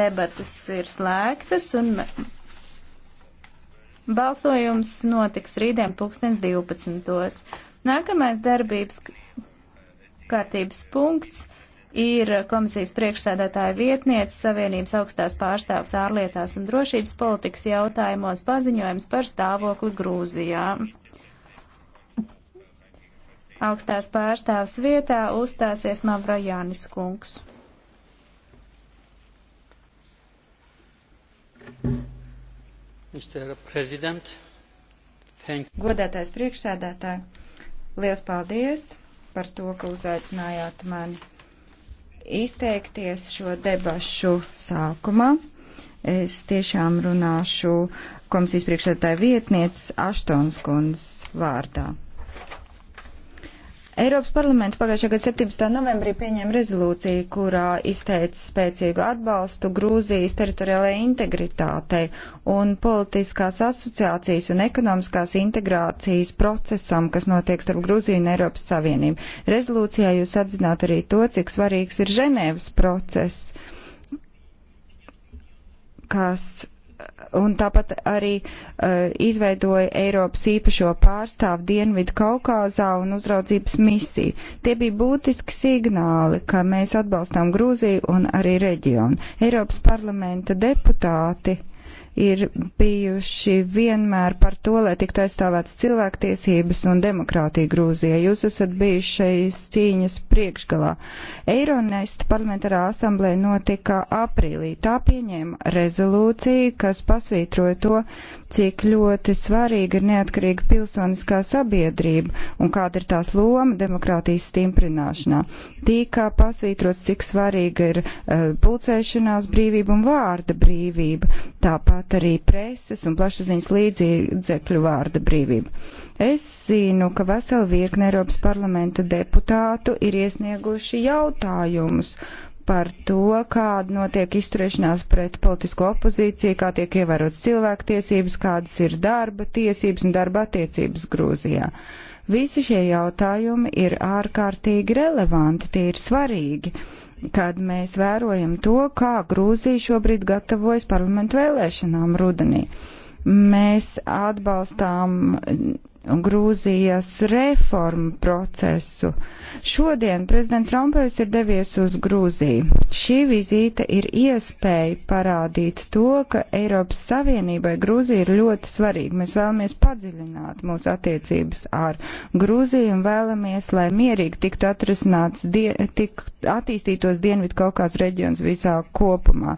debatas ir slēgtas un balsojums notiks rītdien pulkstens 12. Nākamais darbības kārtības punkts ir komisijas priekšsēdētāja vietniece Savienības augstās pārstāvs ārlietās un drošības politikas jautājumos paziņojums par stāvokli Grūzijā. Augstās pārstāvs vietā uzstāsies Mavrojanis kungs. Godātais priekšsēdētāji, liels paldies par to, ka uzaicinājāt mani izteikties šo debašu sākumā. Es tiešām runāšu komisijas priekšsēdētāja vietnieces Aštons kundzes vārdā. Eiropas parlaments pagājušā gada 17. novembrī pieņēma rezolūciju, kurā izteica spēcīgu atbalstu Grūzijas teritoriālajai integritātei un politiskās asociācijas un ekonomiskās integrācijas procesam, kas notiek starp Grūziju un Eiropas Savienību. Rezolūcijā jūs atzināt arī to, cik svarīgs ir Ženēvas process, kas un tāpat arī uh, izveidoja Eiropas īpašo pārstāvu Dienvidu Kaukāzā un uzraudzības misiju. Tie bija būtiski signāli, ka mēs atbalstām Grūziju un arī reģionu. Eiropas parlamenta deputāti uh, ir bijuši vienmēr par to, lai tiktu aizstāvēts cilvēktiesības un demokrātija Grūzijā. Jūs esat bijuši šejas cīņas priekšgalā. Eironest parlamentārā asamblē notika aprīlī. Tā pieņēma rezolūciju, kas pasvītroja to, cik ļoti svarīga ir neatkarīga pilsoniskā sabiedrība un kāda ir tās loma demokrātijas stimprināšanā. Tīkā pasvītrots, cik svarīga ir uh, pulcēšanās brīvība un vārda brīvība. Tāpat tāpat arī preses un plašsaziņas līdzekļu vārda brīvība. Es zinu, ka vesela virkne Eiropas parlamenta deputātu ir iesnieguši jautājumus par to, kāda notiek izturēšanās pret politisko opozīciju, kā tiek ievērotas cilvēktiesības, kādas ir darba tiesības un darba attiecības Grūzijā. Visi šie jautājumi ir ārkārtīgi relevanti, tie ir svarīgi kad mēs vērojam to, kā Grūzija šobrīd gatavojas parlamentu vēlēšanām rudenī. Mēs atbalstām Grūzijas reformu procesu. Uh, Šodien prezidents Rompējs ir devies uz Grūziju. Šī vizīte ir iespēja parādīt to, ka Eiropas Savienībai Grūzija ir ļoti svarīga. Mēs vēlamies padziļināt mūsu attiecības ar Grūziju un vēlamies, lai mierīgi tiktu atrisināts, tik attīstītos Dienvidu Kaukās reģions visā kopumā.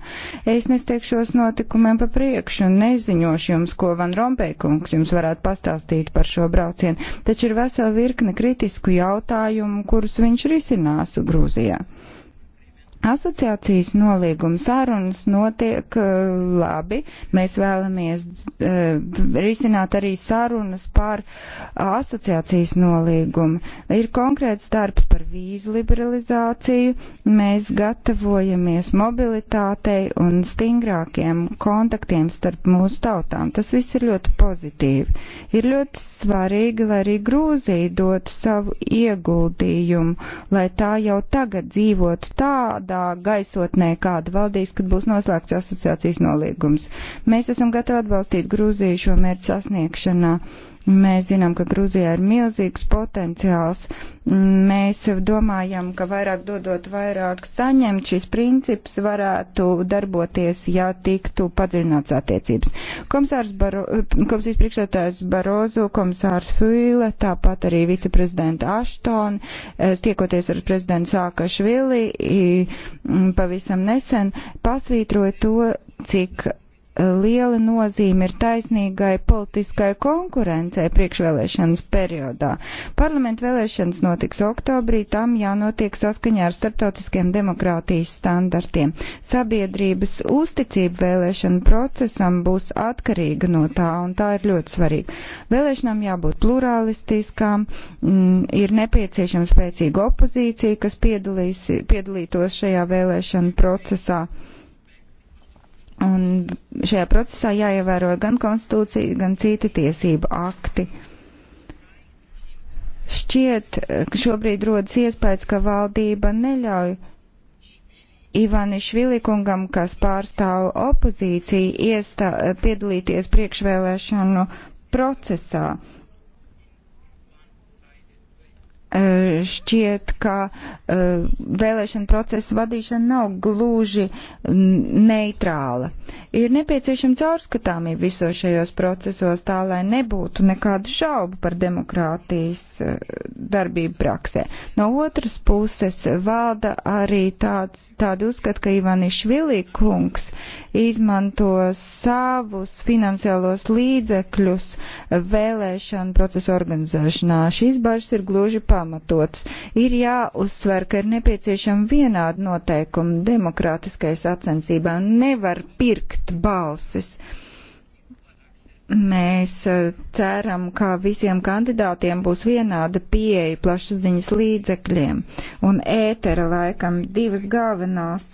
Es nesteikšos notikumiem pa priekšu un neziņošu jums, ko Van Rompējkungs jums varētu pastāstīt par šo braucienu, taču ir vesela virkne kritisku jautājumu, kurus viņš risinās Grūzijā. Asociācijas nolīguma sarunas notiek uh, labi. Mēs vēlamies uh, risināt arī sarunas par uh, asociācijas nolīgumu. Ir konkrēts darbs par vīzu liberalizāciju. Mēs gatavojamies mobilitātei un stingrākiem kontaktiem starp mūsu tautām. Tas viss ir ļoti pozitīvi. Ir ļoti svarīgi, lai arī Grūzija dotu savu ieguldījumu, lai tā jau tagad dzīvotu tādā tādā gaisotnē, kāda valdīs, kad būs noslēgts asociācijas nolīgums. Mēs esam gatavi atbalstīt Grūziju šo mērķu sasniegšanā. Mēs zinām, ka Grūzijā ir milzīgs potenciāls. Mēs domājam, ka vairāk dodot, vairāk saņemt šis princips varētu darboties, ja tiktu padziļināts attiecības. Komisārs Baro, komisijas priekšsētājs Barozu, komisārs Fīle, tāpat arī viceprezidenta Aštoni, tiekoties ar prezidentu Sākašvili pavisam nesen, pasvītroja to, cik liela nozīme ir taisnīgai politiskai konkurencei priekšvēlēšanas periodā. Parlamentu vēlēšanas notiks oktobrī, tam jānotiek saskaņā ar starptautiskiem demokrātijas standartiem. Sabiedrības uzticība vēlēšanu procesam būs atkarīga no tā, un tā ir ļoti svarīga. Vēlēšanām jābūt pluralistiskām, m, mm, ir nepieciešama spēcīga opozīcija, kas piedalītos šajā vēlēšanu procesā. Un šajā procesā jāievēro gan konstitūcija, gan citi tiesību akti. Šķiet, ka šobrīd rodas iespējas, ka valdība neļauj Ivanišvili kungam, kas pārstāv opozīciju, iestā, piedalīties priekšvēlēšanu procesā. Eh, šķiet, ka eh, vēlēšana procesa vadīšana nav gluži neitrāla. Ir nepieciešama caurskatāmība visos šajos procesos, tā lai nebūtu nekādu šaubu par demokrātijas eh, darbību praksē. No otras puses valda arī tāds, tāda uzskata, ka Ivanišvili kungs izmanto savus finansiālos līdzekļus vēlēšanu procesu organizēšanā. Šīs bažas ir gluži pamatā pamatotas. Ir jāuzsver, ka ir nepieciešama vienāda noteikuma demokrātiskai sacensībai un nevar pirkt balsis. Mēs eh, ceram, ka visiem kandidātiem būs vienāda pieeja plašsaziņas līdzekļiem un ētera laikam divas galvenās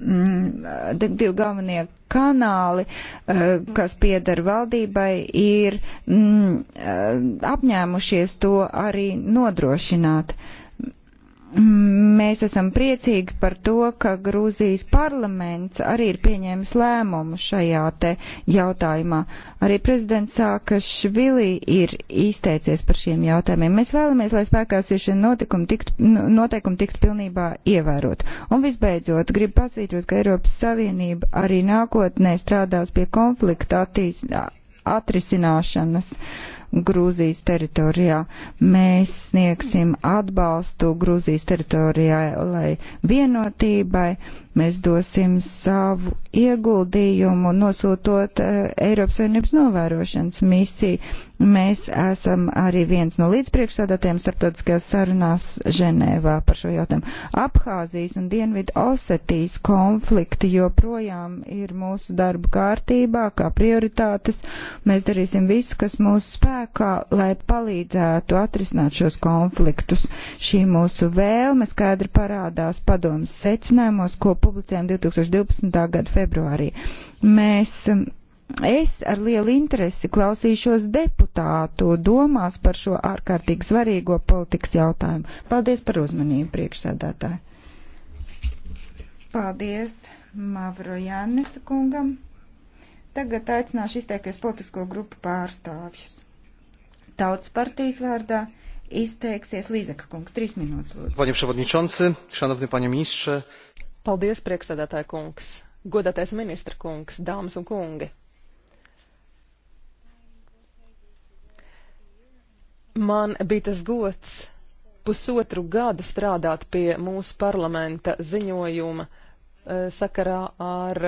Mm, divi galvenie kanāli, eh, kas pieder valdībai, ir mm, eh, apņēmušies to arī nodrošināt. Mēs esam priecīgi par to, ka Grūzijas parlaments arī ir pieņēmis lēmumu šajā te jautājumā. Arī prezidents Sākašvili ir izteicies par šiem jautājumiem. Mēs vēlamies, lai spēkās ir šie notikumi tiktu, noteikumi tiktu pilnībā ievērot. Un visbeidzot, gribu pasvītrot, ka Eiropas Savienība arī nākotnē strādās pie konflikta attīstības atrisināšanas. Uh, Grūzijas teritorijā. Mēs sniegsim atbalstu Grūzijas teritorijai, lai vienotībai Mēs dosim savu ieguldījumu, nosūtot uh, Eiropas Savienības novērošanas misiju. Mēs esam arī viens no līdzpriekšsādātiem starptautiskajās sarunās Ženēvā par šo jautājumu. Abhāzijas un Dienvidu Osetijas konflikti joprojām ir mūsu darba kārtībā kā prioritātes. Mēs darīsim visu, kas mūsu spēkā, lai palīdzētu atrisināt šos konfliktus. Šī mūsu vēlme skaidri parādās padomas secinājumos, ko publicējām 2012. gada februārī. Mēs Es ar lielu interesi klausīšos deputātu domās par šo ārkārtīgi svarīgo politikas jautājumu. Paldies par uzmanību, priekšsēdētāji. Paldies Mavro Jānesa kungam. Tagad aicināšu izteikties politisko grupu pārstāvjus. Tautas partijas vārdā izteiksies Līzeka kungs. Trīs minūtes, lūdzu. Paņem ševadničonci, šanovni paņem ministre. Paldies, priekšsēdētāja kungs, godātais ministra kungs, dāmas un kungi. Man bija tas gods pusotru gadu strādāt pie mūsu parlamenta ziņojuma eh, sakarā ar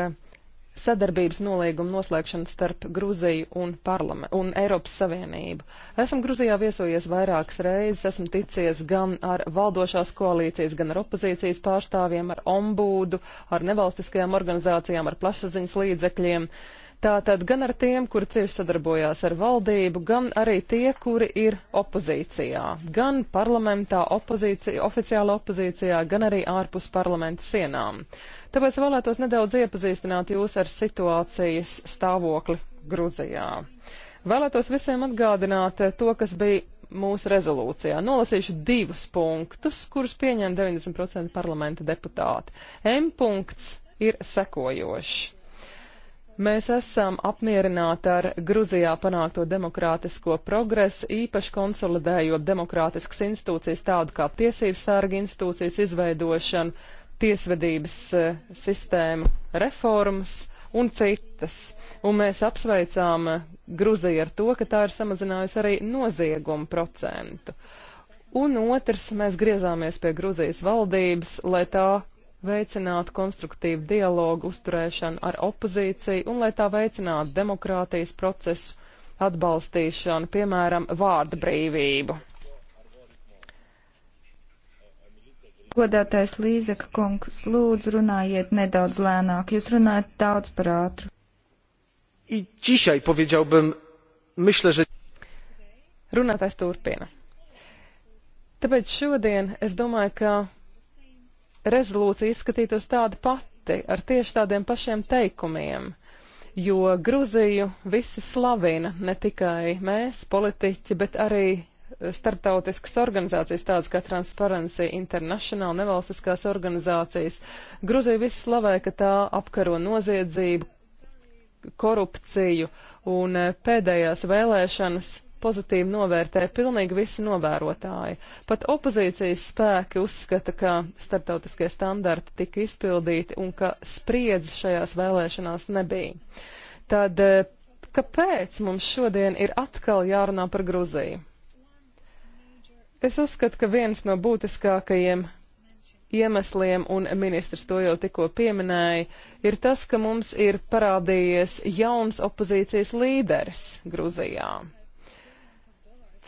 sadarbības nolīguma noslēgšanu starp Gruziju un, parlame, un Eiropas Savienību. Esmu Gruzijā viesojies vairākas reizes, esmu ticies gan ar valdošās koalīcijas, gan ar opozīcijas pārstāvjiem, ar ombūdu, ar nevalstiskajām organizācijām, ar plašsaziņas līdzekļiem. Uh, Tātad gan ar tiem, kuri cieši sadarbojās ar valdību, gan arī tie, kuri ir opozīcijā, gan parlamentā opozīcija, oficiāla opozīcijā, gan arī ārpus parlamenta sienām. Tāpēc vēlētos nedaudz iepazīstināt jūs ar situācijas stāvokli Gruzijā. Vēlētos visiem atgādināt to, kas bija mūsu rezolūcijā. Nolasīšu divus punktus, kurus pieņem 90% parlamenta deputāti. M punkts ir sekojošs. Mēs esam apmierināti ar Gruzijā panākto demokrātisko progresu, īpaši konsolidējot demokrātiskas institūcijas tādu kā tiesības sārga institūcijas izveidošanu, tiesvedības uh, sistēmu reformas un citas. Un mēs apsveicām eh, Gruziju ar to, ka tā ir samazinājusi arī noziegumu procentu. Un otrs, mēs griezāmies pie Gruzijas valdības, lai tā veicinātu konstruktīvu dialogu uzturēšanu ar opozīciju un lai tā veicinātu demokrātijas procesu atbalstīšanu, piemēram, vārda brīvību. Godātais Līzeka kungs, lūdzu runājiet nedaudz lēnāk, jūs runājat daudz par ātru. I dzisiaj powiedziałbym, myślę, że... Runātais turpina. Tāpēc šodien es domāju, ka rezolūcija izskatītos tāda pati, ar tieši tādiem pašiem teikumiem, jo Gruziju visi slavina, ne tikai mēs, politiķi, bet arī starptautiskas organizācijas, tādas kā Transparency International, nevalstiskās organizācijas. Gruzija viss slavē, ka tā apkaro noziedzību, korupciju, un eh, pēdējās vēlēšanas pozitīvi novērtē pilnīgi visi novērotāji. Pat opozīcijas spēki uzskata, ka startautiskie standarti tika izpildīti un ka spriedzes šajās vēlēšanās nebija. Tad eh, kāpēc mums šodien ir atkal jārunā par Gruziju? Es uzskatu, ka viens no būtiskākajiem iemesliem, un ministrs to jau tikko pieminēja, ir tas, ka mums ir parādījies jauns opozīcijas līderis Gruzijā.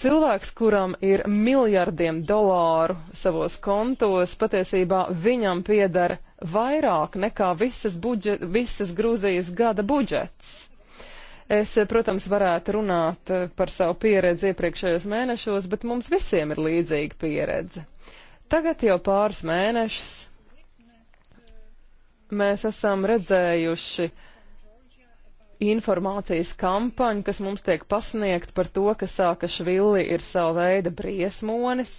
Cilvēks, kuram ir miljardiem dolāru savos kontos, patiesībā viņam pieder vairāk nekā visas, budžet, visas Grūzijas gada budžets. Es, protams, varētu runāt par savu pieredzi iepriekšējos mēnešos, bet mums visiem ir līdzīga pieredze. Tagad jau pāris mēnešus mēs esam redzējuši uh, informācijas kampaņu, kas mums tiek pasniegt par to, ka Sākašvili ir sava veida briesmonis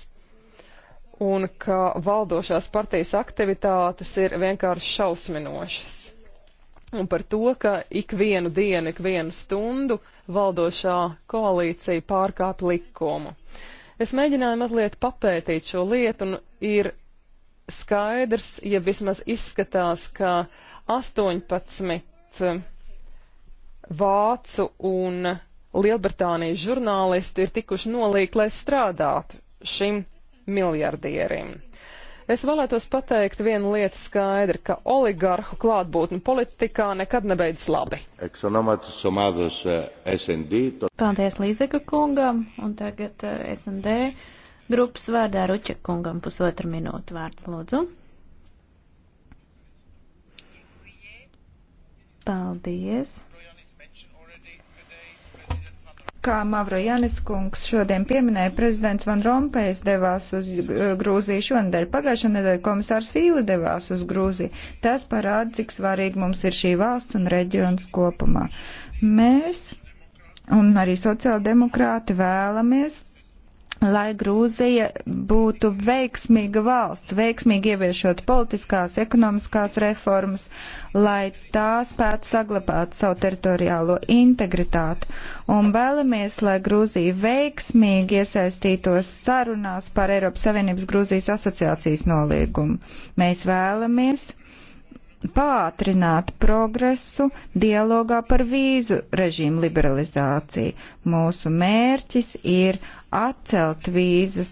un ka valdošās partijas aktivitātes ir vienkārši šausminošas. Un par to, ka ikvienu dienu, ikvienu stundu valdošā koalīcija pārkāp likumu. Es mēģināju mazliet papētīt šo lietu un ir skaidrs, ja vismaz izskatās, ka 18 vācu un Lielbritānijas žurnālisti ir tikuši nolīgti, lai strādātu šim miljardierim. Es vēlētos pateikt vienu lietu skaidri, ka oligarhu klātbūtne politikā nekad nebeidzas labi. Eh, Paldies Līzeka kungam un tagad eh, SND grupas vārdā Ruķa kungam pusotru minūtu vārds lūdzu. Paldies kā Mavro Janis kungs šodien pieminēja, prezidents Van Rompējs devās uz uh, Grūziju šonadēļ. Pagājušajā nedēļā komisārs Fīli devās uz Grūziju. Tas parāda, cik svarīgi mums ir šī valsts un reģions kopumā. Mēs un arī sociāldemokrāti vēlamies lai Grūzija būtu veiksmīga valsts, veiksmīgi ieviešot politiskās, ekonomiskās reformas, lai tā spētu saglabāt savu teritoriālo integritāti. Un vēlamies, lai Grūzija veiksmīgi iesaistītos sarunās par Eiropas Savienības Grūzijas asociācijas noliegumu. Mēs vēlamies pātrināt progresu dialogā par vīzu režīmu liberalizāciju. Mūsu mērķis ir atcelt vīzas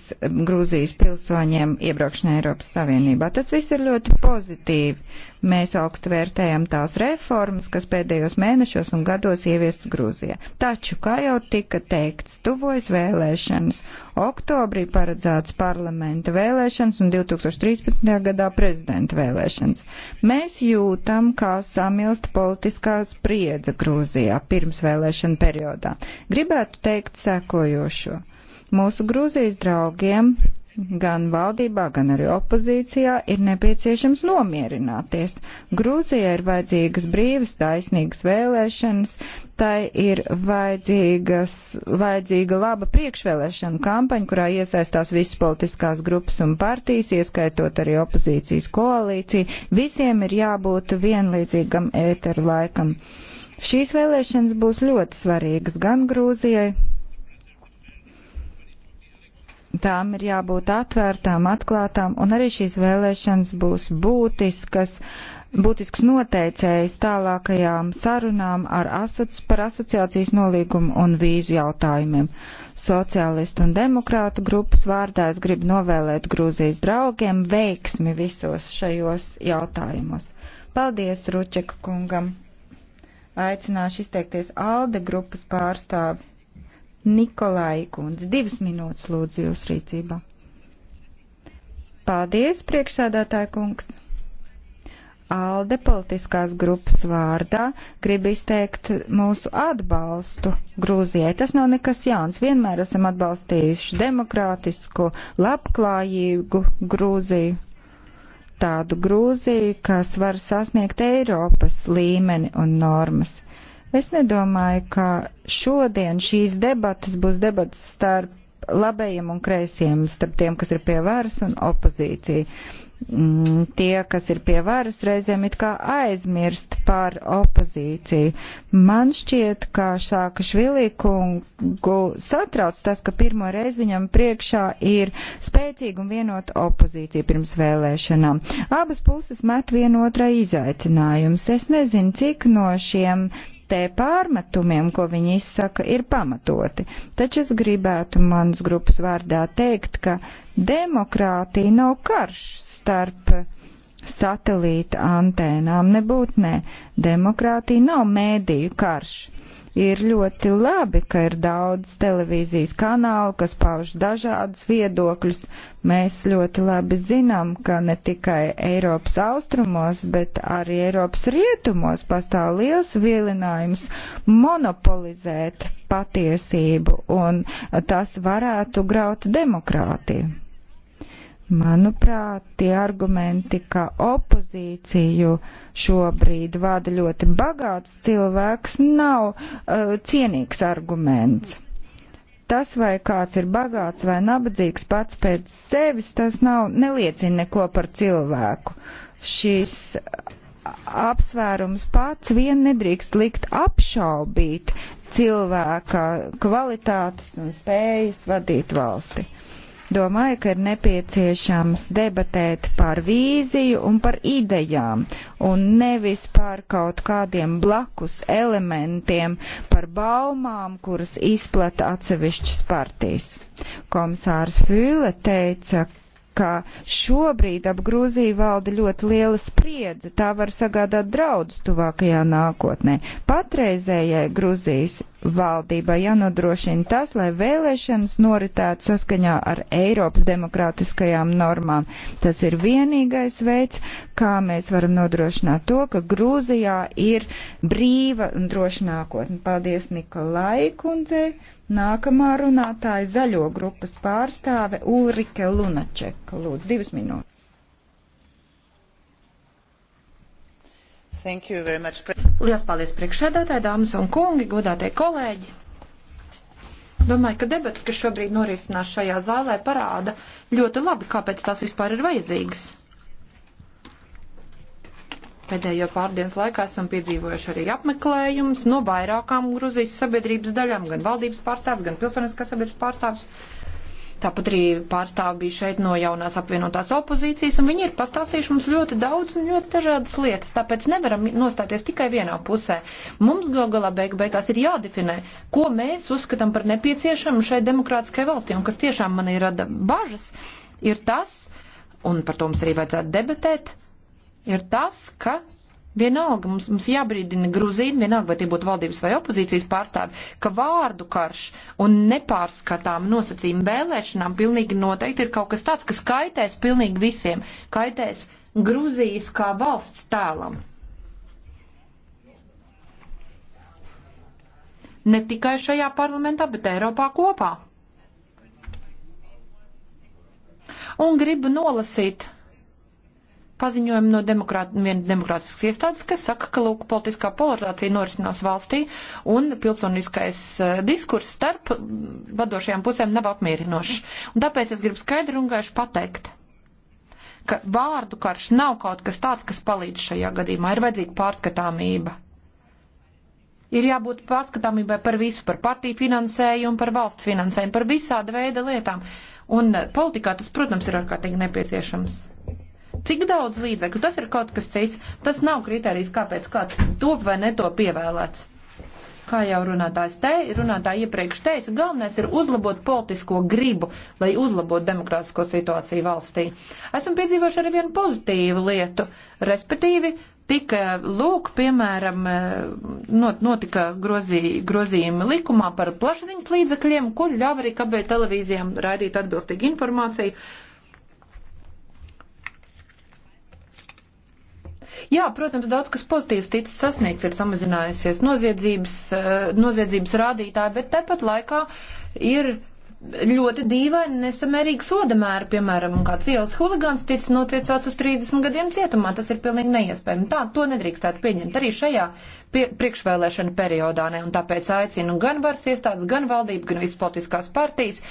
Grūzijas pilsoņiem iebraukšanai Eiropas Savienībā. Tas viss ir ļoti pozitīvi. Mēs augstu vērtējam tās reformas, kas pēdējos mēnešos un gados ieviestas Grūzijā. Taču, kā jau tika teikts, tuvojas vēlēšanas. Oktobrī paredzēts parlamenta vēlēšanas un 2013. gadā prezidenta vēlēšanas. Mēs jūtam, kā samilst politiskā spriedze Grūzijā pirms vēlēšana periodā. Gribētu teikt sekojošo Mūsu Grūzijas draugiem gan valdībā, gan arī opozīcijā ir nepieciešams nomierināties. Grūzijai ir vajadzīgas brīvas, taisnīgas vēlēšanas, tai ir vajadzīgas, vajadzīga laba priekšvēlēšana kampaņa, kurā iesaistās visas politiskās grupas un partijas, ieskaitot arī opozīcijas koalīciju. Visiem ir jābūt vienlīdzīgam ēteru laikam. Šīs vēlēšanas būs ļoti svarīgas gan Grūzijai, tām ir jābūt atvērtām, atklātām, un arī šīs vēlēšanas būs būtiskas, būtisks noteicējs tālākajām sarunām ar asoci, par asociācijas nolīgumu un vīzu jautājumiem. Sociālistu un demokrātu grupas vārdā es gribu novēlēt Grūzijas draugiem veiksmi visos šajos jautājumos. Paldies Ručeka kungam! Aicināšu izteikties Alde grupas pārstāvi. Nikolai Kundze. Divas minūtes lūdzu jūs rīcībā. Paldies, priekšsādātāja kungs! ALDE politiskās grupas vārdā grib izteikt mūsu atbalstu Grūzijai. Tas nav nekas jauns. Vienmēr esam atbalstījuši demokrātisku, labklājīgu Grūziju. Tādu Grūziju, kas var sasniegt Eiropas līmeni un normas. Es nedomāju, ka šodien šīs debatas būs debatas starp labējiem un kreisiem, starp tiem, kas ir pie varas un opozīcija. Mm, tie, kas ir pie varas, reizēm it kā aizmirst par opozīciju. Man šķiet, ka Šāka Švilīkungu satrauc tas, ka pirmo reizi viņam priekšā ir spēcīga un vienota opozīcija pirms vēlēšanām. Abas puses met vienotrai izaicinājums. Es nezinu, cik no šiem te pārmetumiem, ko viņi izsaka, ir pamatoti. Taču es gribētu manas grupas vārdā teikt, ka demokrātija nav karš starp satelīta antēnām, nebūtnē. Demokrātija nav mēdīju karš. Ir ļoti labi, ka ir daudz televīzijas kanālu, kas pauž dažādus viedokļus. Mēs ļoti labi zinām, ka ne tikai Eiropas austrumos, bet arī Eiropas rietumos pastāv liels vilinājums monopolizēt patiesību, un tas varētu graut demokrātiju. Manuprāt, tie argumenti, ka opozīciju šobrīd vada ļoti bagāts cilvēks, nav uh, cienīgs arguments. Tas, vai kāds ir bagāts vai nabadzīgs pats pēc sevis, tas nav, neliecina neko par cilvēku. Šis eh, apsvērums pats vien nedrīkst likt apšaubīt cilvēka kvalitātes un spējas vadīt valsti. Uh, Domāju, ka ir nepieciešams debatēt par vīziju un par idejām, un nevis par kaut kādiem blakus elementiem, par baumām, kuras izplata atsevišķas partijas. Komisārs Fīle teica, ka šobrīd ap Grūziju valda ļoti liela spriedze, tā var sagādāt draudus tuvākajā nākotnē. Patreizējai Grūzijas Valdībai jānodrošina tas, lai vēlēšanas noritētu saskaņā ar Eiropas demokrātiskajām normām. Tas ir vienīgais veids, kā mēs varam nodrošināt to, ka Grūzijā ir brīva un droša nākotne. Paldies Nikolai kundzei. Nākamā runātāja zaļo grupas pārstāve Ulrike Lunačeka. Lūdzu, divas minūtes. Lielas paldies priekšsēdētāji, dāmas un kungi, godātie kolēģi! Domāju, ka debats, kas šobrīd norisinās šajā zālē, parāda ļoti labi, kāpēc tās vispār ir vajadzīgas. Pēdējo pārdienas laikā esam piedzīvojuši arī apmeklējumus no vairākām Gruzijas sabiedrības daļām, gan valdības pārstāvs, gan pilsoniskās sabiedrības pārstāvs Tāpat arī pārstāvi bija šeit no jaunās apvienotās opozīcijas, un viņi ir pastāstījuši mums ļoti daudz un ļoti dažādas lietas, tāpēc nevaram nostāties tikai vienā pusē. Mums gal galā beigu beigās ir jādefinē, ko mēs uzskatām par nepieciešamu šai demokrātiskai valstī, un kas tiešām man ir rada bažas, ir tas, un par to mums arī vajadzētu debatēt, ir tas, ka Vienalga mums, mums jābrīdina Gruzīni, vienalga vai tie būtu valdības vai opozīcijas pārstāvi, ka vārdu karš un nepārskatām nosacījumu vēlēšanām pilnīgi noteikti ir kaut kas tāds, kas kaitēs pilnīgi visiem, kaitēs Gruzijas kā valsts tēlam. Ne tikai šajā parlamentā, bet Eiropā kopā. Un gribu nolasīt paziņojumu no demokrāt, demokrātiskas iestādes, kas saka, ka lūk, politiskā polarizācija norisinās valstī un pilsoniskais uh, diskurs starp vadošajām pusēm nav apmierinošs. Un tāpēc es gribu skaidri un gaiši pateikt, ka vārdu karš nav kaut kas tāds, kas palīdz šajā gadījumā. Ir vajadzīga pārskatāmība. Ir jābūt pārskatāmībai par visu, par partiju finansējumu, par valsts finansējumu, par visāda veida lietām. Un eh, politikā tas, protams, ir ārkārtīgi nepieciešams. Cik daudz līdzekļu, tas ir kaut kas cits. Tas nav kriterijs, kāpēc kāds top vai neto pievēlēts. Kā jau runātājs te, runātāji iepriekš teica, galvenais ir uzlabot politisko gribu, lai uzlabotu demokrātisko situāciju valstī. Esam piedzīvojuši arī vienu pozitīvu lietu, respektīvi tika lūk, piemēram, eh, not, notika grozī, grozījumi likumā par plašsaziņas līdzakļiem, kur ļāva arī kabēļ televīzijām raidīt atbilstīgu informāciju Jā, protams, daudz kas pozitīvs ticis sasniegts, ir samazinājusies noziedzības, eh, noziedzības rādītāji, bet tepat laikā ir ļoti dīvaini nesamērīgi sodamēri, piemēram, kāds ielas huligāns ticis notiesāts uz 30 gadiem cietumā. Tas ir pilnīgi neiespējami. Tā, to nedrīkstētu pieņemt arī šajā pie, priekšvēlēšana periodā, ne, un tāpēc aicinu gan varas iestādes, gan valdību, gan visas politiskās partijas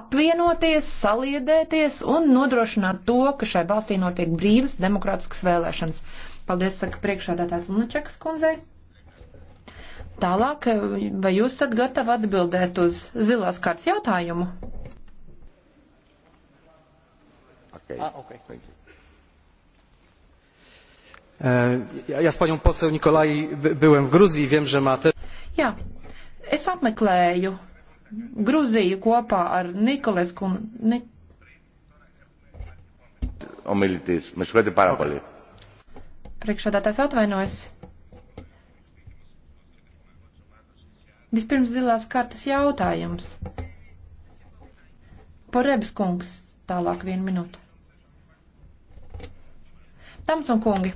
apvienoties, saliedēties un nodrošināt to, ka šai valstī notiek brīvas demokrātiskas vēlēšanas. Paldies, saka priekšādātās Lunačekas kundzei. Tālāk, vai jūs esat gatavi atbildēt uz zilās kārtas jautājumu? Okay. Ah, okay. Uh, ja z panią poseł Nikolai byłem w Gruzji, wiem, że ma też. Jā, es apmeklēju Gruziju kopā ar Nikolesku un. Ni... Ομιλητής, με συγχωρείτε πάρα okay. πολύ. Priekšādātājs atvainojas. Vispirms zilās kartas jautājums. Porebs kungs, tālāk vienu minūtu. Dāmas un kungi,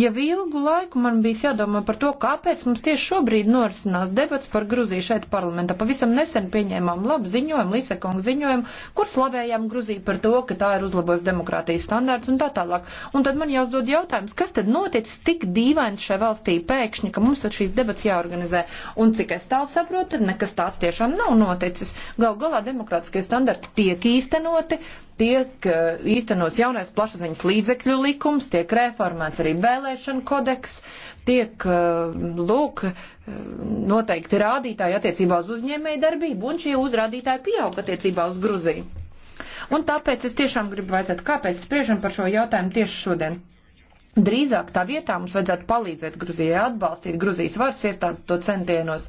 Jau ilgu laiku man bija jādomā par to, kāpēc mums tieši šobrīd norisinās debats par Gruziju šeit parlamentā. Pavisam nesen pieņēmām labu ziņojumu, Lisekongu ziņojumu, kur slavējām Gruziju par to, ka tā ir uzlabos demokrātijas standārts un tā tālāk. Un tad man jāuzdod jautājums, kas tad noticis tik dīvaini šai valstī pēkšņi, ka mums tad šīs debats jāorganizē. Un cik es tālu saprotu, tad nekas tāds tiešām nav noticis. Gal galā demokrātiskie standarti tiek īstenoti, tiek eh, īstenots jaunais plašsaziņas līdzekļu likums, tiek reformēts arī vēlēšana kodeks, tiek, eh, lūk, eh, noteikti rādītāji attiecībā uz uzņēmēju darbību, un šie uzrādītāji pieaug attiecībā uz Gruziju. Un tāpēc es tiešām gribu vajadzēt, kāpēc spriežam par šo jautājumu tieši šodien. Drīzāk tā vietā mums vajadzētu palīdzēt Gruzijai, atbalstīt Gruzijas varas iestādes to centienos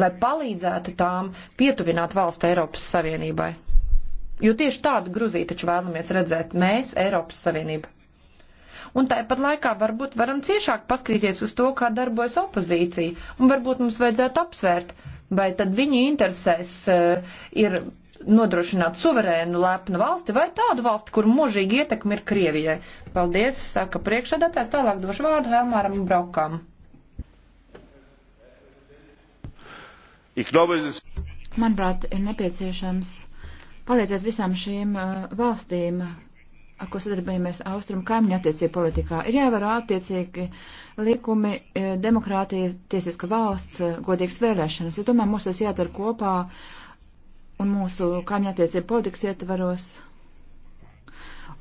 lai palīdzētu tām pietuvināt valsts Eiropas Savienībai. Jo tieši tādu Gruziju taču vēlamies redzēt mēs, Eiropas Savienība. Un tāpat laikā varbūt varam ciešāk paskatīties uz to, kā darbojas opozīcija, un varbūt mums vajadzētu apsvērt, vai tad viņu interesēs uh, ir nodrošināt suverēnu lēpnu valsti vai tādu valsti, kur mūžīgi ietekmi ir Krievijai. Paldies, saka priekšsēdētājs, tālāk došu vārdu Helmāram Braukam. Manuprāt, ir nepieciešams palīdzēt visām šīm uh, valstīm, ar ko sadarbojamies austrumu kaimiņu attiecību politikā. Ir jāievēro attiecīgi likumi, uh, demokrātija, tiesiska valsts, uh, godīgas vēlēšanas, jo tomēr mums tas jādara kopā un mūsu kaimiņu attiecību politikas ietvaros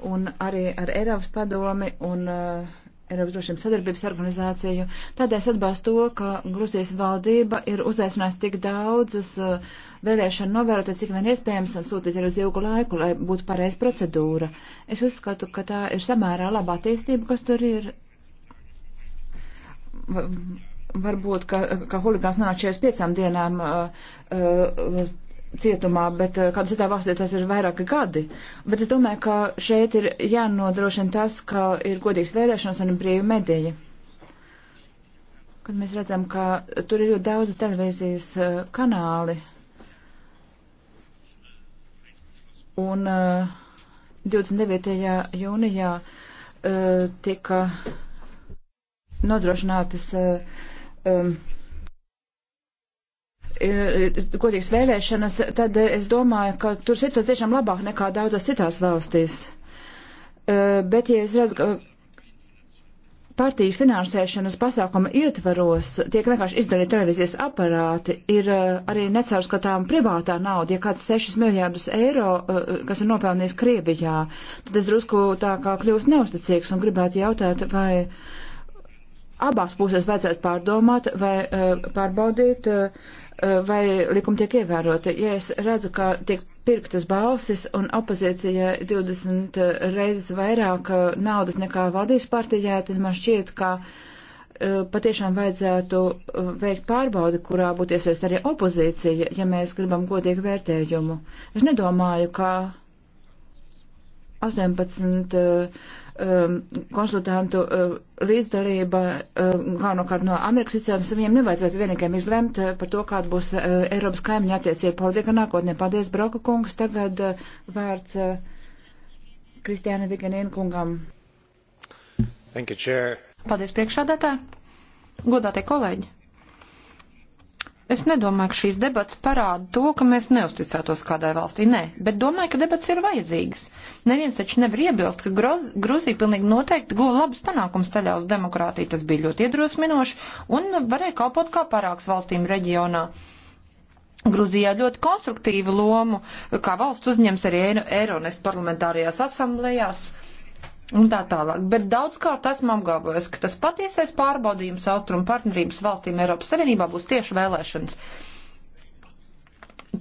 un arī ar Eiropas padomi un uh, Eiropas drošības sadarbības organizāciju. Tādēļ es atbalstu to, ka Grūzijas valdība ir uzaicinājusi tik daudzas uh, vēlēšanu novērot, cik vien iespējams, un sūtīt arī uz ilgu laiku, lai būtu pareiz procedūra. Es uzskatu, ka tā ir samērā labā attīstība, kas tur ir. Varbūt, ka, ka huligāns nāk 45 dienām uh, uh, cietumā, bet uh, kādā citā valstī tas ir vairāki gadi. Bet es domāju, ka šeit ir jānodrošina tas, ka ir godīgs vēlēšanas un brīva medija. Kad mēs redzam, ka tur ir ļoti daudz televīzijas uh, kanāli, un 29. Eh, jūnijā eh, tika nodrošinātas um, godīgas vēlēšanas, tad es domāju, ka tur situācija tiešām labāk nekā daudzas citās valstīs. Bet, ja es redzu, partiju finansēšanas pasākuma ietvaros tiek vienkārši izdarīti televīzijas aparāti, ir eh, arī necaurskatām privātā nauda, ja kāds 6 miljārdus eiro, eh, kas ir nopelnījis Krievijā, tad es drusku tā kā kļūst neusticīgs un gribētu jautāt, vai abās puses vajadzētu pārdomāt vai eh, pārbaudīt, vai likumi tiek ievēroti. Ja es redzu, ka tiek pirktas balsis un opozīcijai 20 reizes vairāk uh, naudas nekā vadīs partijā, tad man šķiet, ka uh, patiešām vajadzētu uh, veikt pārbaudi, kurā būtu iesaist arī opozīcija, ja mēs gribam godīgu vērtējumu. Es nedomāju, ka 18 um, konsultantu uh, līdzdalība, uh, galvenokārt no Amerikas izcēlums, viņiem nevajadzētu vienīgiem izlemt uh, par to, kāda būs uh, Eiropas kaimiņa attiecība politika nākotnē. Paldies, Broka kungs. Tagad uh, vārds uh, Kristiāna Viganīna kungam. Thank you, Chair. Paldies, priekšādātā. Godātie kolēģi. Es nedomāju, ka šīs debats parāda to, ka mēs neusticētos kādai valstī. Nē, bet domāju, ka debats ir vajadzīgs Neviens taču nevar iebilst, ka Groz, Gruzija pilnīgi noteikti guva labus panākumus ceļā uz demokrātiju. Tas bija ļoti iedrosminoši un varēja kalpot kā parāks valstīm reģionā. Gruzijā ļoti konstruktīvu lomu, kā valsts uzņems arī Eironest parlamentārajās asamblējās un tā tālāk. Bet daudzkārt esmu apgalvojis, ka tas patiesais pārbaudījums austrumu partnerības valstīm Eiropas Savienībā būs tieši vēlēšanas.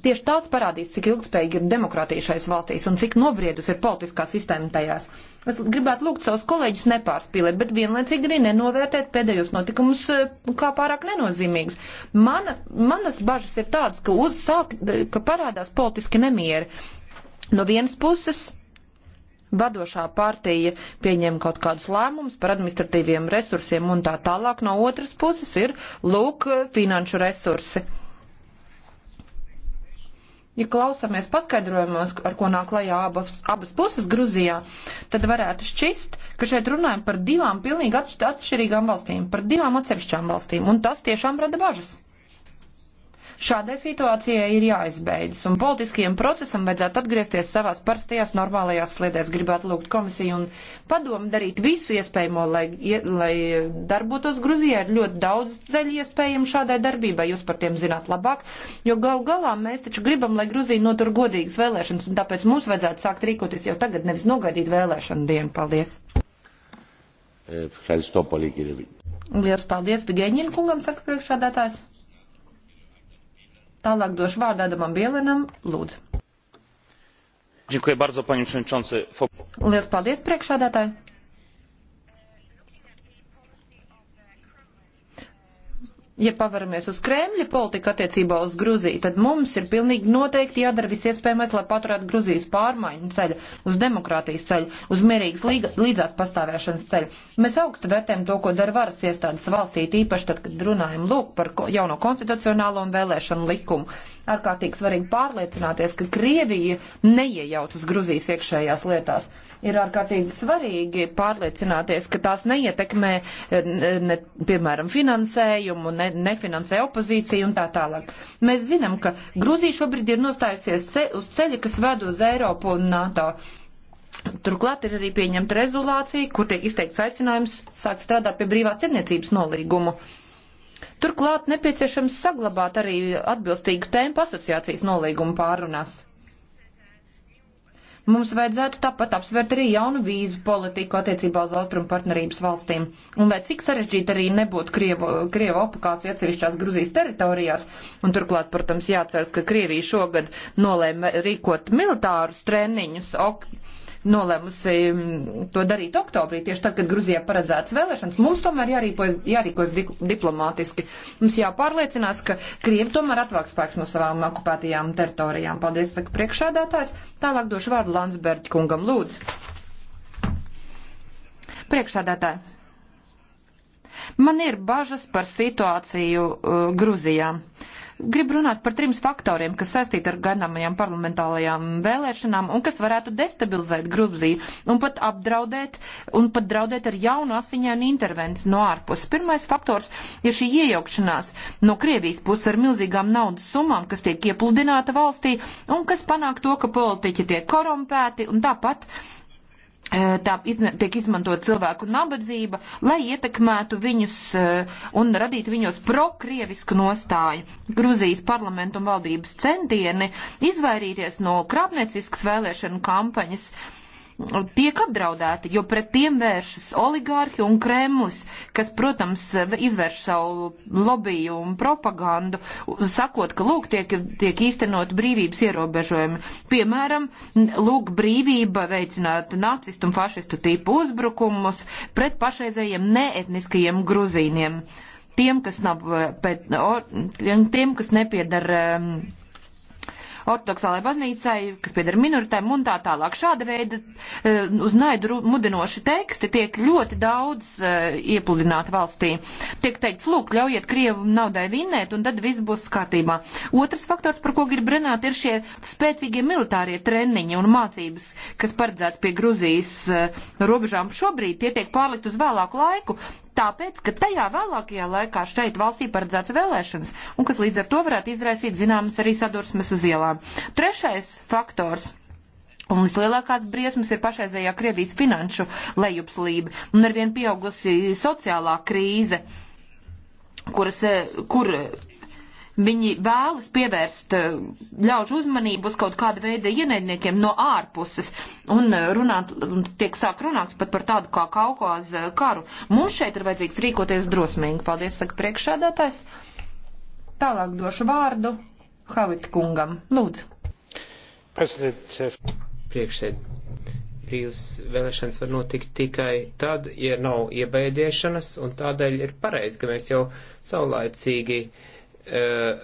Tieši tās parādīs, cik ilgspējīgi ir demokrātija šais valstīs un cik nobriedus ir politiskā sistēma tajās. Es gribētu lūgt savus kolēģus nepārspīlēt, bet vienlaicīgi arī nenovērtēt pēdējos notikumus eh, kā pārāk nenozīmīgus. Mana, manas bažas ir tādas, ka, uzsāk, ka parādās politiski nemieri. No vienas puses vadošā partija pieņem kaut kādus lēmumus par administratīviem resursiem un tā tālāk. No otras puses ir, lūk, finanšu resursi ja klausāmies paskaidrojumos, ar ko nāk klajā abas, abas puses Gruzijā, tad varētu šķist, ka šeit runājam par divām pilnīgi atšķirīgām valstīm, par divām atsevišķām valstīm, un tas tiešām rada bažas. Šādai situācijai ir jāizbeidzas, un politiskajam procesam vajadzētu atgriezties savās parastajās normālajās sliedēs. Gribētu lūgt komisiju un padomu darīt visu iespējamo, lai, lai darbotos Gruzijā. Ir ļoti daudz ceļu iespējamu šādai darbībai, jūs par tiem zināt labāk, jo gal galā mēs taču gribam, lai Gruzija notur godīgas vēlēšanas, un tāpēc mums vajadzētu sākt rīkoties jau tagad, nevis nogaidīt vēlēšanu dienu. Paldies! Ευχαριστώ πολύ κύριε Βίγκ. Liels paldies Vigēņina kungam, saka priekšādātājs. Tālāk došu vārdu Adamam Bielenam. Lūdzu. Dziękuję bardzo, panie przewodniczący. Lielas paldies, priekšādātāji. ja pavaramies uz Kremļa politiku attiecībā uz Gruziju, tad mums ir pilnīgi noteikti jādara viss iespējamais, lai paturētu Gruzijas pārmaiņu ceļu, uz demokrātijas ceļu, uz mierīgas līdzās pastāvēšanas ceļu. Mēs augstu vērtējam to, ko dara varas iestādes valstī, tīpaši tad, kad runājam lūk par jauno konstitucionālo un vēlēšanu likumu. Ārkārtīgi svarīgi pārliecināties, ka Krievija neiejautas Gruzijas iekšējās lietās. Ir ārkārtīgi svarīgi pārliecināties, ka tās neietekmē, eh, ne, piemēram, finansējumu, ne ne, nefinansē opozīciju un tā tālāk. Mēs zinām, ka Grūzija šobrīd ir nostājusies ce, uz ceļa, kas ved uz Eiropu un NATO. Turklāt ir arī pieņemta rezolācija, kur tiek izteikts aicinājums sākt strādāt pie brīvās tirniecības nolīgumu. Turklāt nepieciešams saglabāt arī atbilstīgu tēmu asociācijas nolīgumu pārunās. Mums vajadzētu tāpat apsvērt arī jaunu vīzu politiku attiecībā uz austrumu partnerības valstīm. Un lai cik sarežģīti arī nebūtu Krievu, Krievu okupācija atsevišķās Gruzijas teritorijās, un turklāt, protams, jāceras, ka Krievija šogad nolēma rīkot militārus treniņus. Ok, nolēmusi mm, to darīt oktobrī, tieši tad, kad Gruzijā paredzētas vēlēšanas. Mums tomēr jārīkojas, jārīkojas diplomātiski. Mums jāpārliecinās, ka Krievi tomēr atvāk spēks no savām okupētajām teritorijām. Paldies, saka priekšādātājs. Tālāk došu vārdu Landsbergi kungam lūdzu. Priekšādātāji. Man ir bažas par situāciju uh, Gruzijā. Uh, Gribu runāt par trim faktoriem, kas saistīti ar gaidāmajām parlamentārajām vēlēšanām un kas varētu destabilizēt Gruziju un pat apdraudēt un pat draudēt ar jaunu asiņainu intervenciju no ārpus. Pirmais faktors ir šī iejaukšanās no Krievijas puses ar milzīgām naudas summām, kas tiek iepludināta valstī un kas panāk to, ka politiķi tiek korumpēti un tāpat Eh, tā izme, tiek izmantot cilvēku nabadzība, lai ietekmētu viņus eh, un radītu viņos prokrievisku nostāju. Gruzijas parlamentu un valdības centieni izvairīties no krāpnieciskas vēlēšanu kampaņas uh, tiek apdraudēti, jo pret tiem vēršas oligārhi un Kremlis, kas, protams, izvērš savu lobiju un propagandu, sakot, ka, lūk, tiek, tiek īstenot brīvības ierobežojumi. Piemēram, lūk, brīvība veicināt nacistu un fašistu tipu uzbrukumus pret pašreizējiem neetniskajiem gruzīniem. Tiem, kas nav, eh, pēc, o, tiem, kas nepiedara. Um, ortodoksālajai baznīcai, kas pieder minoritēm un tā tālāk. Šāda veida e, uz naidu mudinoši teksti tiek ļoti daudz e, iepludināti valstī. Tiek teikts, lūk, ļaujiet Krievu naudai vinnēt, un tad viss būs kārtībā. Otrs faktors, par ko grib runāt, ir šie spēcīgie militārie treniņi un mācības, kas paredzēts pie Gruzijas e, robežām šobrīd, tie tiek pārlikt uz vēlāku laiku tāpēc, ka tajā vēlākajā laikā šeit valstī paredzēts vēlēšanas, un kas līdz ar to varētu izraisīt zināmas arī sadursmes uz ielām. Trešais faktors. Un vislielākās briesmas ir pašreizējā Krievijas finanšu lejupslība un arvien pieaugusi sociālā krīze kuras, eh, kur Viņi vēlas pievērst eh, ļaužu uzmanību uz kaut kādu veidu ienaidniekiem no ārpuses un eh, runāt, un tiek sāk runāts pat par tādu kā Kaukās eh, karu. Mums šeit ir vajadzīgs rīkoties drosmīgi. Paldies, saka priekšādātājs. Tālāk došu vārdu Havita kungam. Lūdzu. Priekšsēd. Brīvas vēlēšanas var notikt tikai tad, ja nav iebēdiešanas, un tādēļ ir pareizi, ka mēs jau saulēcīgi uh, Eh,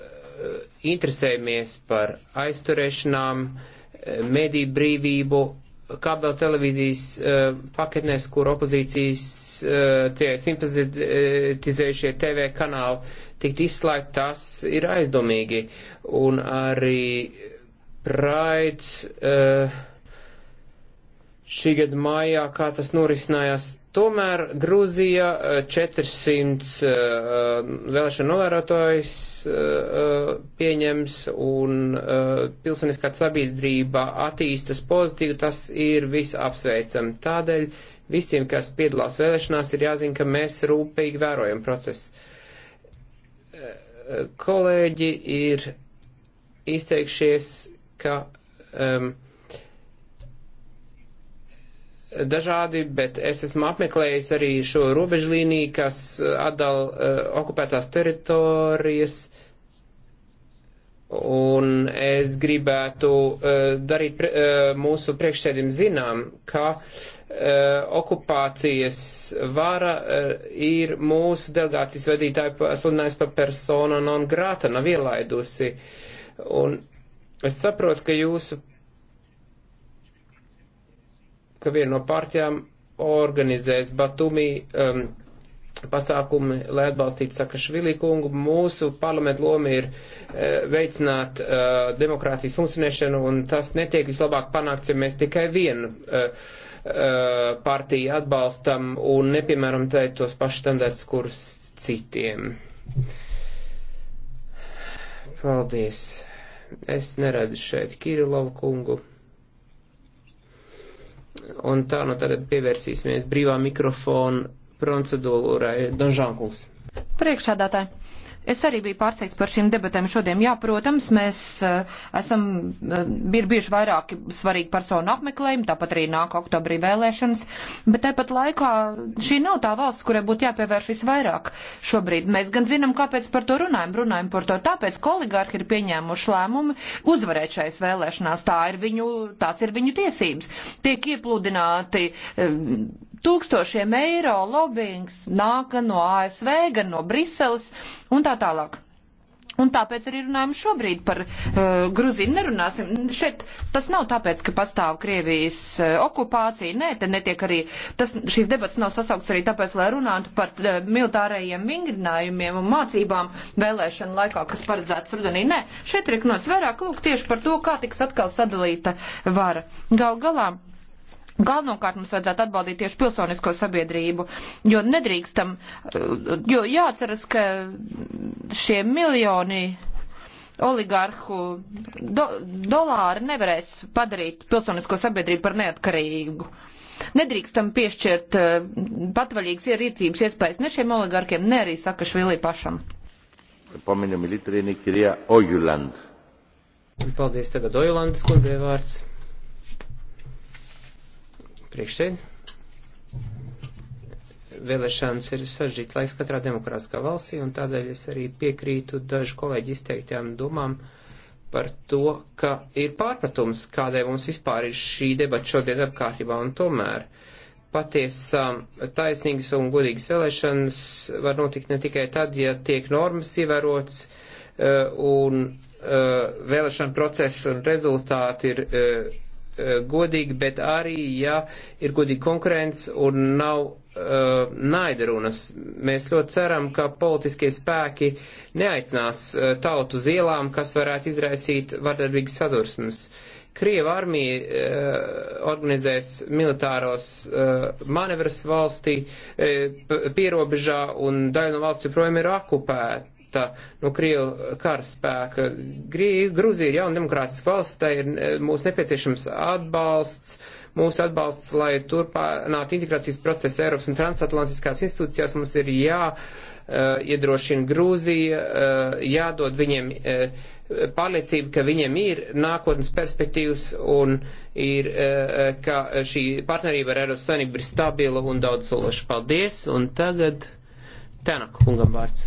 interesējamies par aizturēšanām, eh, mediju brīvību, kabeltelevīzijas uh, eh, paketnēs, kur opozīcijas uh, tie simpatizējušie TV kanāli tikt izslēgt, tas ir aizdomīgi. Un arī Pride uh, šī gada mājā, kā tas norisinājās. Tomēr Grūzija 400 eh, eh, vēlēšana novērotājs eh, pieņems un pilsoniskā sabiedrība attīstas pozitīvi, tas ir visapsveicam. Tādēļ visiem, kas piedalās vēlēšanās, ir jāzina, ka mēs rūpīgi vērojam procesu. Kolēģi ir izteikšies, ka um, dažādi, bet es esmu apmeklējis arī šo robežlīniju, kas eh, atdala uh, okupētās teritorijas, un es gribētu uh, darīt pre, uh, mūsu priekšsēdim zinām, ka uh, okupācijas vara uh, ir mūsu delegācijas vadītāju sludinājusi par persona non grata, nav ielaidusi. Un es saprotu, ka jūsu ka viena no partijām organizēs Batumī um, pasākumi, lai atbalstītu Sakašvili kungu. Mūsu parlamentu loma ir e, veicināt e, demokrātijas funkcionēšanu, un tas netiek vislabāk panākts, ja mēs tikai vienu e, e, partiju atbalstam un nepiemēram tai tos pašus standarts, kurus citiem. Paldies. Es neredzu šeit Kirilovu kungu. Un tā no nu, tagad pievērsīsimies brīvā mikrofona procedūrai. Donžankungs. Priekšādātāji. Es arī biju pārsteigts par šīm debatēm šodien. Jā, protams, mēs uh, esam, uh, ir bieži vairāki svarīgi personu apmeklējumi, tāpat arī nāk oktobrī vēlēšanas, bet tāpat laikā šī nav tā valsts, kurai būtu jāpievērš visvairāk šobrīd. Mēs gan zinām, kāpēc par to runājam. Runājam par to tāpēc, ka oligārhi ir pieņēmuši lēmumu uzvarēt šais vēlēšanās. Tā ir viņu, tās ir viņu tiesības. Tiek iepludināti. Uh, eh, tūkstošiem eiro lobbyings nāk gan no ASV, gan no Briseles un tā tālāk. Un tāpēc arī runājam šobrīd par uh, Gruziju. Nerunāsim šeit. Tas nav tāpēc, ka pastāv Krievijas uh, okupācija. Nē, te netiek arī. Tas, šīs debats nav sasaukts arī tāpēc, lai runātu par uh, militārajiem vingrinājumiem un mācībām vēlēšanu laikā, kas paredzēts rudenī. Nē, šeit tiek nots vairāk lūk tieši par to, kā tiks atkal sadalīta vara. Gal galā Galvenokārt mums vajadzētu atbaldīt tieši pilsonisko sabiedrību, jo nedrīkstam, eh, jo jāatceras, ka šie miljoni oligārhu do, dolāri nevarēs padarīt pilsonisko sabiedrību par neatkarīgu. Nedrīkstam piešķirt uh, patvaļīgas ierīcības iespējas ne šiem oligarkiem, ne arī Sakašvili pašam. Paldies, tagad Ojulandas kundzei vārds. Priekšsēd. Vēlēšanas ir sažģīt laiks katrā demokrātiskā valstī, un tādēļ es arī piekrītu dažu kolēģi izteiktām domām par to, ka ir pārpratums, kādēļ mums vispār ir šī debata šodien apkārtībā, un tomēr patiesām taisnīgas un godīgas vēlēšanas var notikt ne tikai tad, ja tiek normas ievērots eh, un eh, vēlēšana process un rezultāti ir eh, Eh, godīgi, bet arī, ja ir godīgi konkurence un nav uh, naidarunas. Mēs ļoti ceram, ka politiskie spēki neaicinās uh, tautu zielām, kas varētu izraisīt vardarbīgas sadursmes. Krieva armija uh, organizēs militāros uh, manevras valstī, uh, pierobežā, un daļa no valsts joprojām ir okupēta atbalsta no Krievu karaspēka. Grūzija ir jauna demokrātiska valsts, tai ir eh, mūsu nepieciešams atbalsts, mūsu atbalsts, lai turpinātu integrācijas procesu Eiropas un transatlantiskās institūcijās. Mums ir jāiedrošina eh, uh, Grūzija, uh, eh, jādod viņiem. Uh, pārliecība, ka viņiem ir nākotnes perspektīvas un ir, ka šī partnerība ar Eiropas Savienību ir stabila un daudz sološa. Paldies, un tagad Tēnaka kungam vārds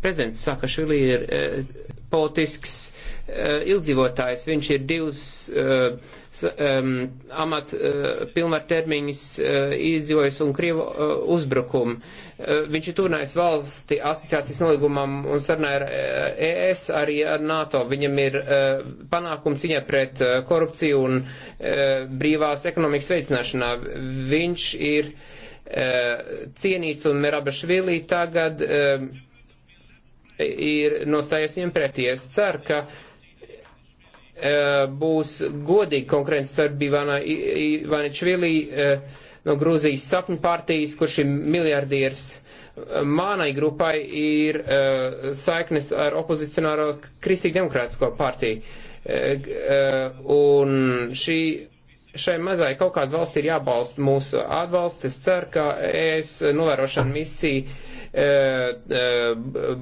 prezidents Sakašvili ir uh, politisks uh, ilgdzīvotājs. Viņš ir divus uh, e, um, amat uh, pilnvartermiņus uh, izdzīvojis un Krievu uh, uzbrukumu. Uh, viņš ir turnājis valsti asociācijas nolīgumam un sarunāja ar uh, ES, arī ar NATO. Viņam ir uh, panākums ciņā pret uh, korupciju un uh, brīvās ekonomikas veicināšanā. Viņš ir uh, cienīts un Merabašvili tagad. Uh, ir nostājies viņiem pretī. Es ceru, ka e, būs godīgi konkurence starp Ivana Ivaničvili e, no Grūzijas sapņu partijas, kurš ir miljardieris. Mānai grupai ir e, saiknes ar opozicionāro Kristīgo demokrātisko partiju. Un šī, šai mazai kaut kāds valsts ir jābalst mūsu atbalsts. Es ceru, ka es novērošanu misiju E, e,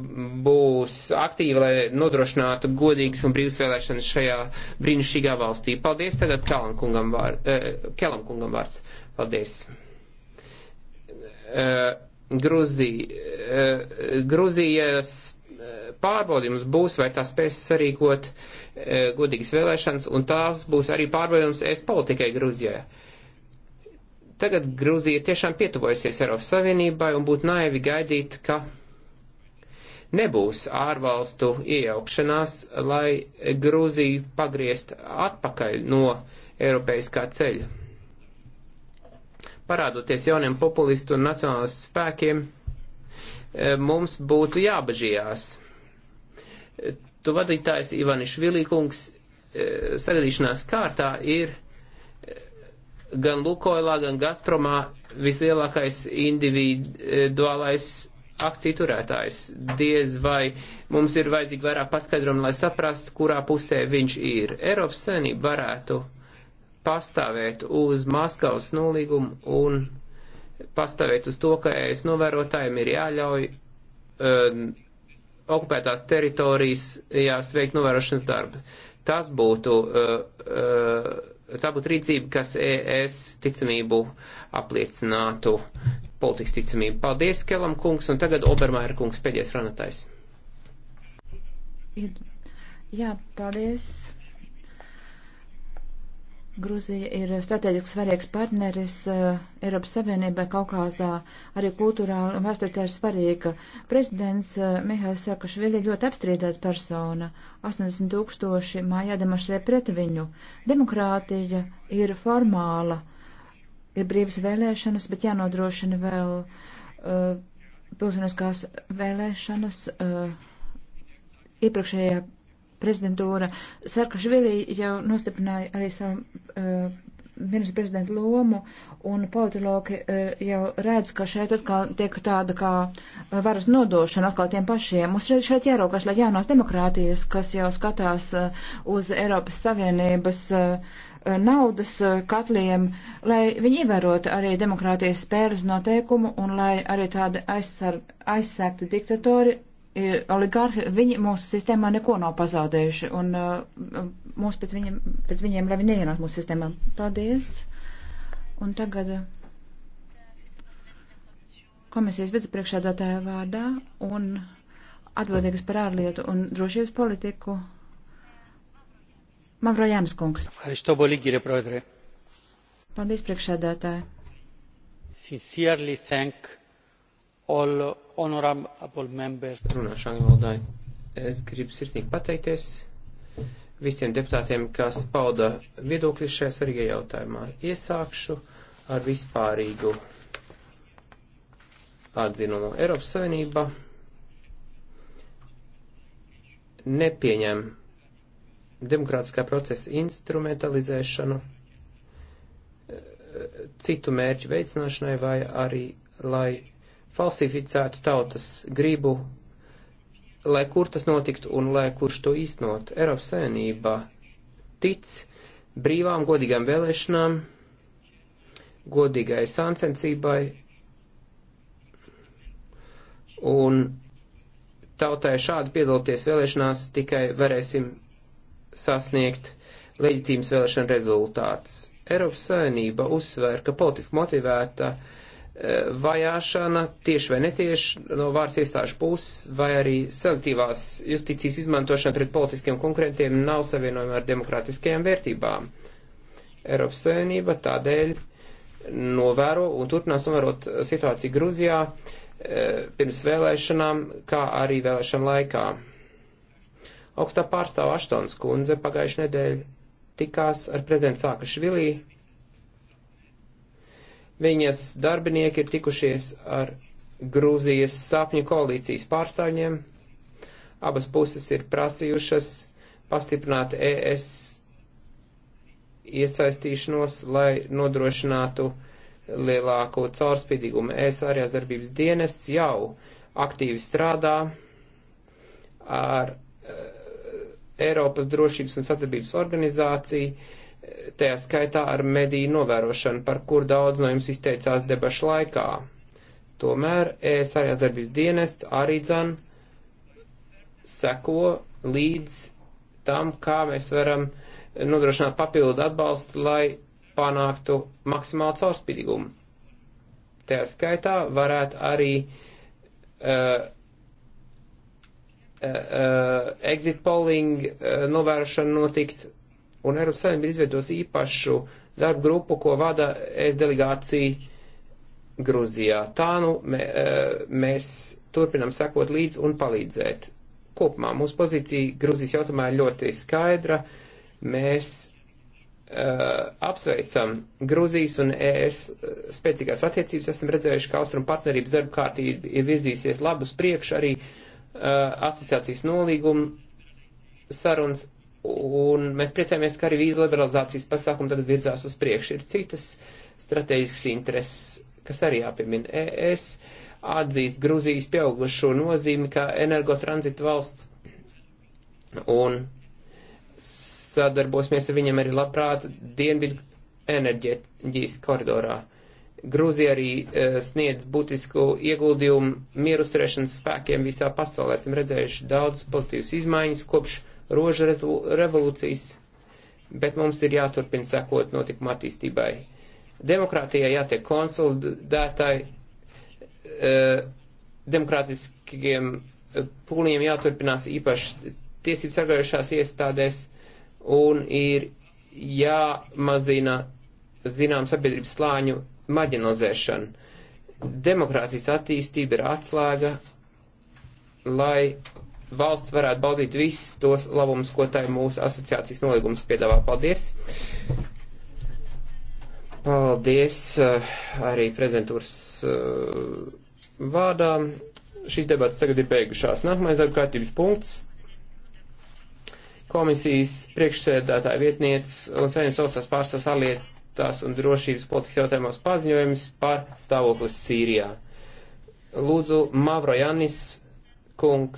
būs aktīvi, lai nodrošinātu godīgas un brīvas vēlēšanas šajā brīnišķīgā valstī. Paldies tagad Kelam kungam, vār, e, Kelam kungam vārds. Paldies. Gruzija, Gruzijas pārbaudījums būs, vai tā spēs sarīkot godīgas vēlēšanas, un tās būs arī pārbaudījums es politikai Gruzijai. Tagad Grūzija tiešām pietuvojusies Eiropas Savienībai un būtu naivi gaidīt, ka nebūs ārvalstu iejaukšanās, lai Grūziju pagriezt atpakaļ no Eiropeiskā ceļa. Parādoties jauniem populistu un nacionālistu spēkiem, eh, mums būtu jābažījās. Tu vadītājs Ivanišvili kungs eh, sagadīšanās kārtā ir Gan Lukoilā, gan Gazpromā vislielākais individuālais akciju turētājs. Diez vai mums ir vajadzīgi vairāk paskaidrojumu, lai saprastu, kurā pusē viņš ir. Eiropas savienība varētu pastāvēt uz Maskavas nolīgumu un pastāvēt uz to, ka es novērotājiem ir jāļauj um, okupētās teritorijas jāsveikt novērošanas darbi. Tas būtu uh, uh, tā būtu rīcība, kas ES ticamību apliecinātu politikas ticamību. Paldies, Kelam kungs, un tagad Obermaira kungs, pēdējais runātājs. Jā, paldies. Gruzija ir strateģiski svarīgs partneris uh, Eiropas Savienībai Kaukāzā, arī kultūrāli un vēsturiski ir svarīga. Prezidents uh, Mihails Sarkašvili ļoti apstrīdēta persona, 80 tūkstoši mājā demonstrē pret viņu. Demokrātija ir formāla, ir brīvas vēlēšanas, bet jānodrošina vēl uh, pilsoniskās vēlēšanas uh, iepriekšējā prezidentūra Sarkašvili jau nostiprināja arī savu uh, eh, ministru prezidentu lomu, un politologi uh, jau redz, ka šeit atkal tiek tāda kā eh, varas nodošana atkal tiem pašiem. Mums šeit jāraukas, lai jaunās demokrātijas, kas jau skatās uh, uz Eiropas Savienības uh, naudas katliem, lai viņi ievērotu arī demokrātijas spēles noteikumu un lai arī tādi aizsargti diktatori oligarhi, viņi mūsu sistēmā neko nav pazaudējuši, un uh, mūs pret viņiem, pret viņiem, lai viņi neienāk mūsu sistēmā. Paldies. Un tagad uh, komisijas vicepriekšādātāja vārdā un atbildīgas par ārlietu un drošības politiku Mavro Jāmskungs. Paldies priekšādātāja. Sincerely thank all honorable members. Runāšu angļu valodā. Es gribu sirsnīgi pateikties visiem deputātiem, kas pauda viedokļus šajā svarīgajā jautājumā. Iesākšu ar vispārīgu atzinumu. Eiropas Savienība nepieņem demokrātiskā procesa instrumentalizēšanu citu mērķu veicināšanai vai arī, lai falsificētu tautas gribu, lai kur tas notiktu un lai kurš to īstenot. Eiropas Savienība tic brīvām, godīgām vēlēšanām, godīgai sāncensībai un tautai šādi piedalīties vēlēšanās tikai varēsim sasniegt leģitīmas vēlēšana rezultāts. Eiropas Savienība uzsver, ka politiski motivēta uh, E, vajāšana tieši vai netieši no vārds iestāžu puses, vai arī selektīvās justīcijas izmantošana pret politiskiem konkurentiem nav savienojama ar demokrātiskajām vērtībām. Eiropas Savienība tādēļ novēro un turpinās novērot situāciju Gruzijā e, pirms vēlēšanām, kā arī vēlēšana laikā. Augstā pārstāva Aštons kundze pagājušajā nedēļā tikās ar prezidentu Sākašvilī Viņas darbinieki ir tikušies ar Grūzijas sapņu koalīcijas pārstāvjiem. Abas puses ir prasījušas pastiprināt ES iesaistīšanos, lai nodrošinātu lielāko caurspīdīgumu. ES ārējās darbības dienests jau aktīvi strādā ar eh, Eiropas drošības un sadarbības organizāciju, tajā skaitā ar mediju novērošanu, par kur daudz no jums izteicās debašu laikā. Tomēr ES ārējās darbības dienests arī dzan seko līdz tam, kā mēs varam nodrošināt papildu atbalstu, lai panāktu maksimālu caurspīdīgumu. Tajā skaitā varētu arī uh, uh, uh exit polling uh, novēršana notikt un Eiropas Savienība izveidos īpašu darbu grupu, ko vada es delegācija Gruzijā. Tā nu mē, e, mēs turpinam sakot līdzi un palīdzēt. Kopumā mūsu pozīcija Gruzijas jautājumā ir ļoti skaidra. Mēs Uh, apsveicam Grūzijas un ES spēcīgās attiecības. Esam redzējuši, ka Austrum partnerības darba kārtība ir virzīsies labus priekš arī uh, asociācijas nolīguma sarunas Un mēs priecājamies, ka arī vīzu liberalizācijas pasākumi tagad virzās uz priekšu. Ir citas strateģiskas intereses, kas arī jāpiemina. ES atzīst Gruzijas pieaugušo nozīmi kā energotranzita valsts. Un sadarbosimies ar viņiem arī labprāt dienvidu enerģijas koridorā. Grūzija arī uh, sniedz būtisku ieguldījumu mieru turēšanas spēkiem visā pasaulē. Esam redzējuši daudz pozitīvas izmaiņas kopš roža revolūcijas, bet mums ir jāturpina sekot notikuma attīstībai. Demokrātijai jātiek konsolidētai, e, demokrātiskiem e, pūliem jāturpinās īpaši tiesību sargājušās iestādēs un ir jāmazina zinām sabiedrības slāņu marginalizēšana. Demokrātijas attīstība ir atslēga, lai valsts varētu baudīt visus tos labumus, ko tai mūsu asociācijas nolīgums piedāvā. Paldies! Paldies eh, arī prezentūras eh, vārdā. Šīs debats tagad ir beigušās. Nākamais darba kārtības punkts. Komisijas priekšsēdētāja vietniece un saņems valstās pārstāvs alietās un drošības politikas jautājumos paziņojums par stāvoklis Sīrijā. Lūdzu, Mavro Janis, kungs.